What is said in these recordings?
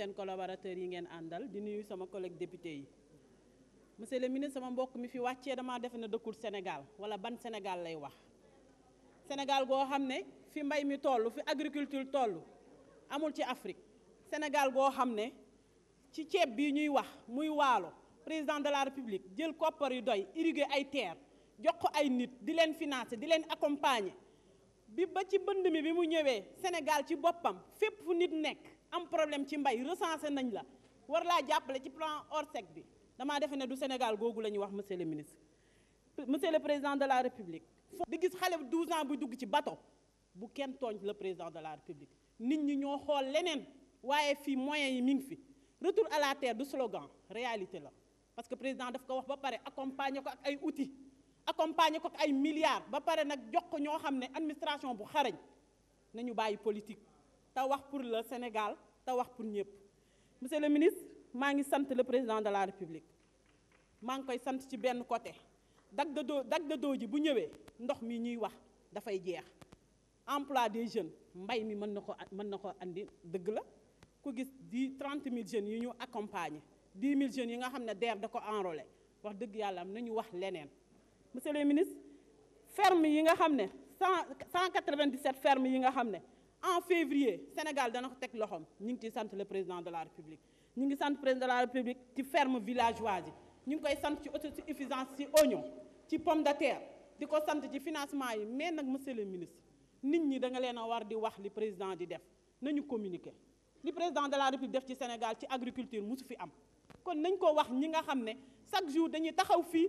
sen collaborateur yi ngeen andal di nuyu sama collègue député yi monsieur le ministre sama mbokk mi fi wàccee damaa defe ne dëkkul Sénégal wala ban Sénégal lay wax Sénégal goo xam ne fi mbay mi toll fi agriculture toll amul ci Afrique Sénégal goo xam ne ci ceeb bi ñuy wax muy waalo président de la République jël koppar yu doy irriguer ay terre jox ko ay nit di leen financer di leen accompagner bi ba ci bënd mi bi mu ñëwé Sénégal ci bopam fep fu nit nekk am problème ci mbay recensé nañ la war la jàppale ci plan sec bi dama défé né du Sénégal googu lañu wax monsieur le ministre monsieur le président de la république di gis xalé 12 ans bu dugg ci bato bu kenn le président de la république nit ñi ñoo xol leneen wayé fi moyens yi mi fi retour à la terre du slogan réalité la parce que président daf ko wax ba paré accompagner ko ak ay outils accompagner ko ak ay milliards ba pare nag jox ko ñoo xam ne administration bu xarañ nañu bàyyi politique te wax pour la Sénégal te wax pour ñëpp monsieur le ministre maa ngi sant la président de la république maa ngi koy sant ci benn côté dag da doo dag doo ji bu ñëwee ndox mi ñuy wax dafay jeex emploi des jeunes mbay mi mën na ko mën na ko andi dëgg la ku gis di trente mille jeunes yi ñu accompagner dix mille jeunes yi nga xam ne DER da ko enrôler wax dëgg yàlla am nañu wax leneen monsieur le ministre ferme yi nga xamné fermes... ferme yi nga xamné en février Sénégal dana ko tek loxom ñing ci ciy le président de la République ñing ngi président de la République ci ferme villageoise yi ñu koy sant ci autosuffisance ci oignon ci pomme de terre diko ko ci financement yi mais nak monsieur le ministre nit ñi da nga leena war di wax li président di def nañu communiquer li président de la République def ci Sénégal ci agriculture musu fi am kon nañ ko wax ñi nga xamné chaque jour dañuy taxaw fi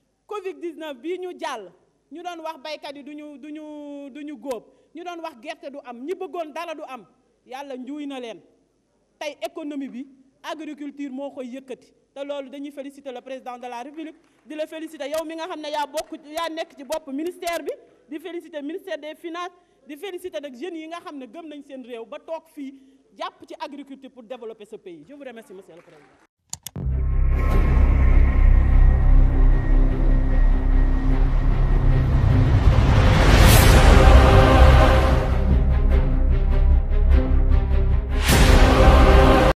Covid 19 bi ñu jall ñu doon wax baykat yi duñu duñu du ñu du góob ñu doon wax gerte du am ñi bëggoon dara du am yàlla njuuy na leen tey économie bi agriculture moo koy yëkkati te loolu dañuy féliciter le président de la république di la féliciter yow mi nga xam ne yaa bokk yaa nekk ci bopp ministère bi di féliciter ministère des finances di féliciter nag jeunes yi nga xam ne gëm nañ seen réew ba toog fii jàpp ci agriculture pour développer ce pays je vous remercie monsieur le président